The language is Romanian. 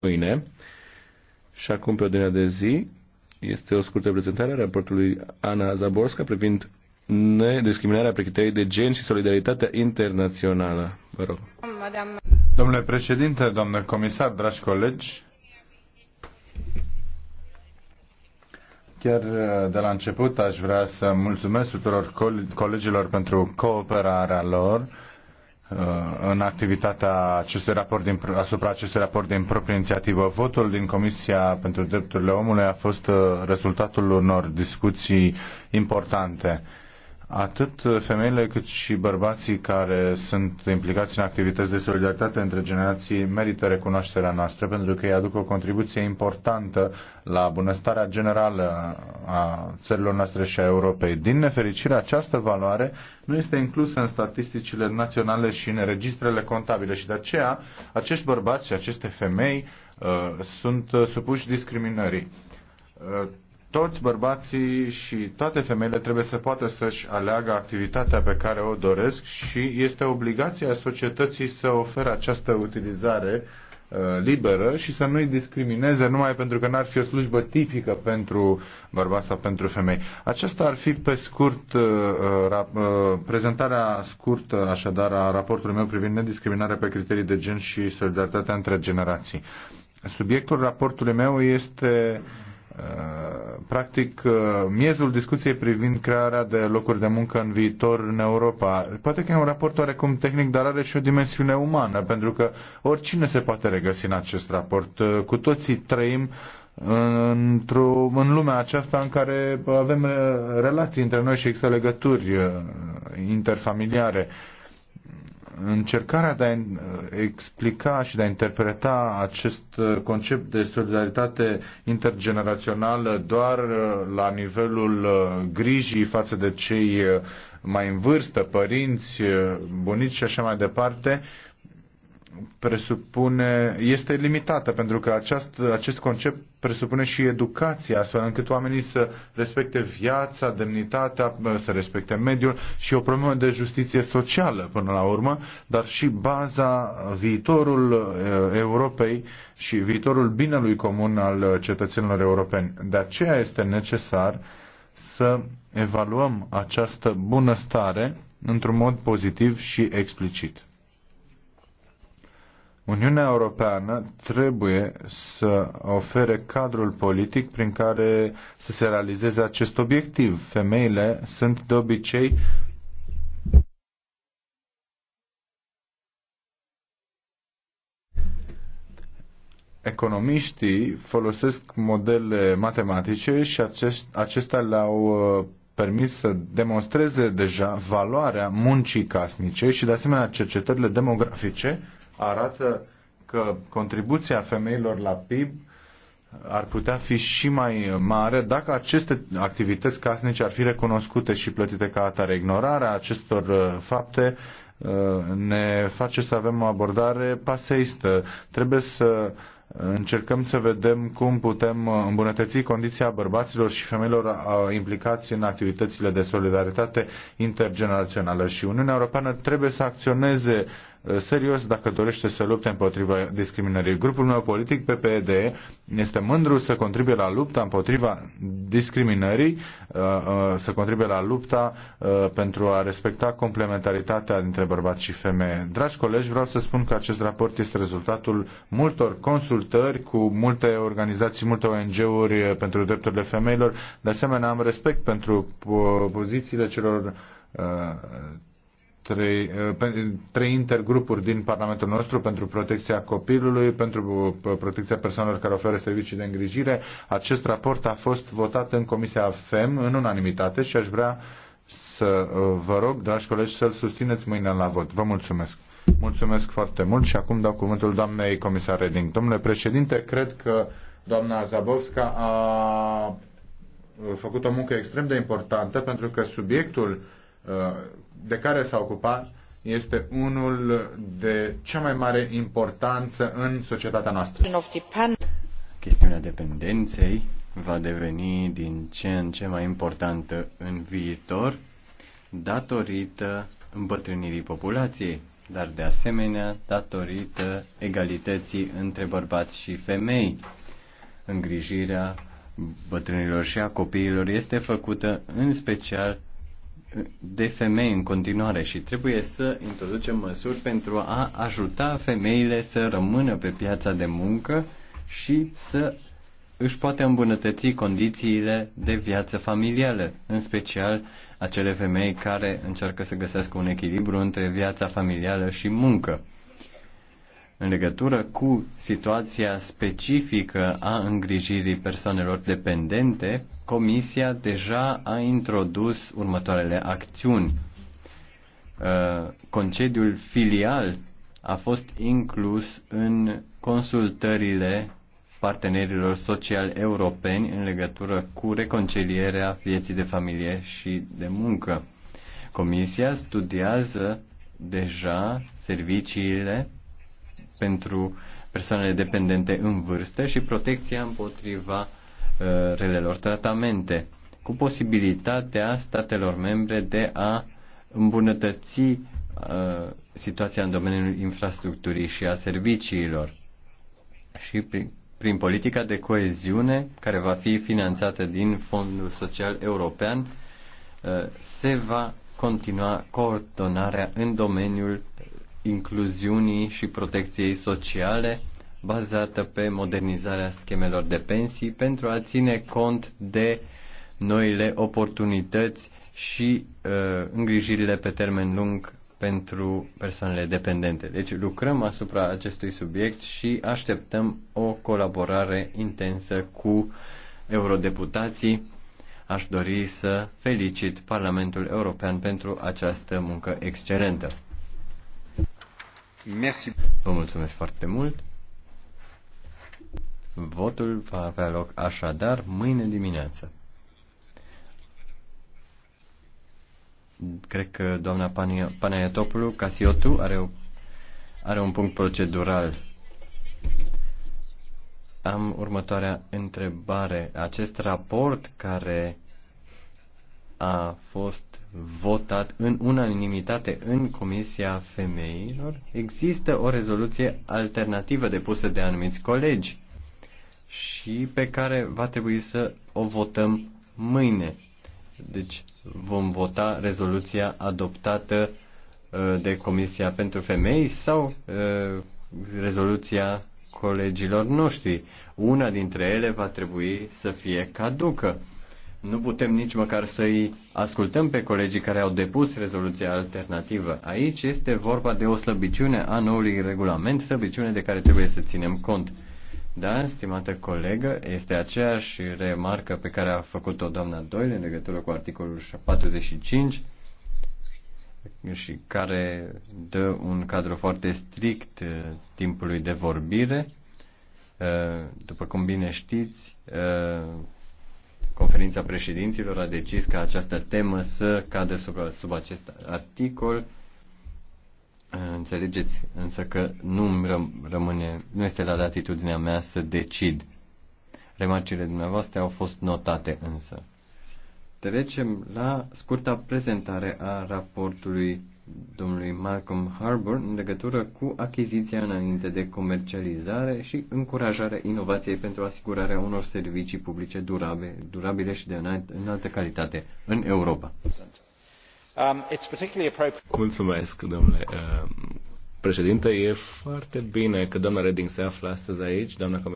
mâine. Și acum pe ordinea de zi este o scurtă prezentare a raportului Ana Zaborska privind nediscriminarea pe criterii de gen și solidaritatea internațională. Vă rog. Domnule președinte, domnule comisar, dragi colegi, Chiar uh, de la început aș vrea să mulțumesc tuturor colegilor pentru cooperarea lor Uh, în activitatea acestui raport din, asupra acestui raport din proprie inițiativă. Votul din Comisia pentru Drepturile Omului a fost uh, rezultatul unor discuții importante atât femeile cât și bărbații care sunt implicați în activități de solidaritate între generații merită recunoașterea noastră pentru că ei aduc o contribuție importantă la bunăstarea generală a țărilor noastre și a Europei. Din nefericire, această valoare nu este inclusă în statisticile naționale și în registrele contabile și de aceea acești bărbați și aceste femei uh, sunt supuși discriminării. Uh, toți bărbații și toate femeile trebuie să poată să-și aleagă activitatea pe care o doresc și este obligația societății să ofere această utilizare uh, liberă și să nu-i discrimineze numai pentru că n-ar fi o slujbă tipică pentru bărbați sau pentru femei. Aceasta ar fi pe scurt uh, uh, uh prezentarea scurtă așadar a raportului meu privind nediscriminarea pe criterii de gen și solidaritatea între generații. Subiectul raportului meu este uh, Eh, practic, eh, miezul discuției privind crearea de locuri de muncă în viitor în Europa. Poate că e un raport oarecum tehnic, dar are și o dimensiune umană, pentru că oricine se poate regăsi în acest raport. Eh, cu toții trăim într-o, în lumea aceasta în care avem relații între noi și există legături interfamiliare încercarea de a uh, explica și de a interpreta acest uh, concept de solidaritate intergenerațională doar uh, la nivelul grijii față de cei mai în vârstă, părinți, bunici și așa mai departe, presupune, este limitată, pentru că aceast, acest concept presupune și educația, astfel încât oamenii să respecte viața, demnitatea, să respecte mediul și o problemă de justiție socială până la urmă, dar și baza, viitorul Europei și viitorul binelui comun al cetățenilor europeni. De aceea este necesar să evaluăm această bunăstare într-un mod pozitiv și explicit. Uniunea Europeană trebuie să ofere cadrul politic prin care să se realizeze acest obiectiv. Femeile sunt de obicei economiștii folosesc modele matematice și acest, acestea le-au uh, permis să demonstreze deja valoarea muncii casnice și de asemenea cercetările demografice arată că contribuția femeilor la PIB ar putea fi și mai mare dacă aceste activități casnice ar fi recunoscute și plătite ca atare. Ignorarea acestor uh, fapte uh, ne face să avem o abordare paseistă. Trebuie să încercăm să vedem cum putem uh, îmbunătăți condiția bărbaților și femeilor implicați în activitățile de solidaritate intergenerațională și Uniunea Europeană trebuie să acționeze serios dacă dorește să lupte împotriva discriminării. Grupul meu politic, PPD, este mândru să contribuie la lupta împotriva discriminării, uh, uh, să contribuie la lupta uh, pentru a respecta complementaritatea dintre bărbați și femei. Dragi colegi, vreau să spun că acest raport este rezultatul multor consultări cu multe organizații, multe ONG-uri pentru drepturile femeilor. De asemenea, am respect pentru pozițiile celor trei, eh, trei intergrupuri din Parlamentul nostru pentru protecția copilului, pentru eh, protecția persoanelor care oferă servicii de îngrijire. Acest raport a fost votat în Comisia FEM în unanimitate și aș vrea să eh, vă rog, dragi colegi, să-l susțineți mâine la vot. Vă mulțumesc. Mulțumesc foarte mult și acum dau cuvântul doamnei comisar Reding. Domnule președinte, cred că doamna Zabovska a făcut o muncă extrem de importantă pentru că subiectul de care s-a ocupat este unul de cea mai mare importanță în societatea noastră. Chestiunea dependenței va deveni din ce în ce mai importantă în viitor datorită îmbătrânirii populației, dar de asemenea datorită egalității între bărbați și femei. Îngrijirea bătrânilor și a copiilor este făcută în special de femei în continuare și trebuie să introducem măsuri pentru a ajuta femeile să rămână pe piața de muncă și să își poate îmbunătăți condițiile de viață familială, în special acele femei care încearcă să găsească un echilibru între viața familială și muncă. În legătură cu situația specifică a îngrijirii persoanelor dependente, Comisia deja a introdus următoarele acțiuni. Uh, concediul filial a fost inclus în consultările partenerilor social europeni în legătură cu reconcilierea vieții de familie și de muncă. Comisia studiază deja serviciile pentru persoanele dependente în vârstă și protecția împotriva Uh, relelor tratamente, cu posibilitatea statelor membre de a îmbunătăți uh, situația în domeniul infrastructurii și a serviciilor. Și prin, prin politica de coeziune, care va fi finanțată din Fondul Social European, uh, se va continua coordonarea în domeniul incluziunii și protecției sociale bazată pe modernizarea schemelor de pensii pentru a ține cont de noile oportunități și uh, îngrijirile pe termen lung pentru persoanele dependente. Deci lucrăm asupra acestui subiect și așteptăm o colaborare intensă cu eurodeputații. Aș dori să felicit Parlamentul European pentru această muncă excelentă. Merci. Vă mulțumesc foarte mult. Votul va avea loc așadar mâine dimineață. Cred că doamna Panayotopulu Casiotu are, o, are un punct procedural. Am următoarea întrebare. Acest raport care a fost votat în unanimitate în Comisia Femeilor, există o rezoluție alternativă depusă de anumiți colegi și pe care va trebui să o votăm mâine. Deci vom vota rezoluția adoptată uh, de Comisia pentru Femei sau uh, rezoluția colegilor noștri. Una dintre ele va trebui să fie caducă. Nu putem nici măcar să-i ascultăm pe colegii care au depus rezoluția alternativă. Aici este vorba de o slăbiciune a noului regulament, slăbiciune de care trebuie să ținem cont. Da, stimată colegă, este aceeași remarcă pe care a făcut-o doamna Doyle în legătură cu articolul 45 și care dă un cadru foarte strict uh, timpului de vorbire. Uh, după cum bine știți, uh, conferința președinților a decis ca această temă să cadă sub, sub acest articol Înțelegeți însă că nu rămâne, nu este la latitudinea mea să decid. Remarcile dumneavoastră au fost notate însă. Trecem la scurta prezentare a raportului domnului Malcolm Harbour în legătură cu achiziția înainte de comercializare și încurajarea inovației pentru asigurarea unor servicii publice durabile, durabile și de înaltă calitate în Europa. Center. Um, Mulțumesc, domnule uh, președinte. E foarte bine că doamna Reding se află astăzi aici, doamna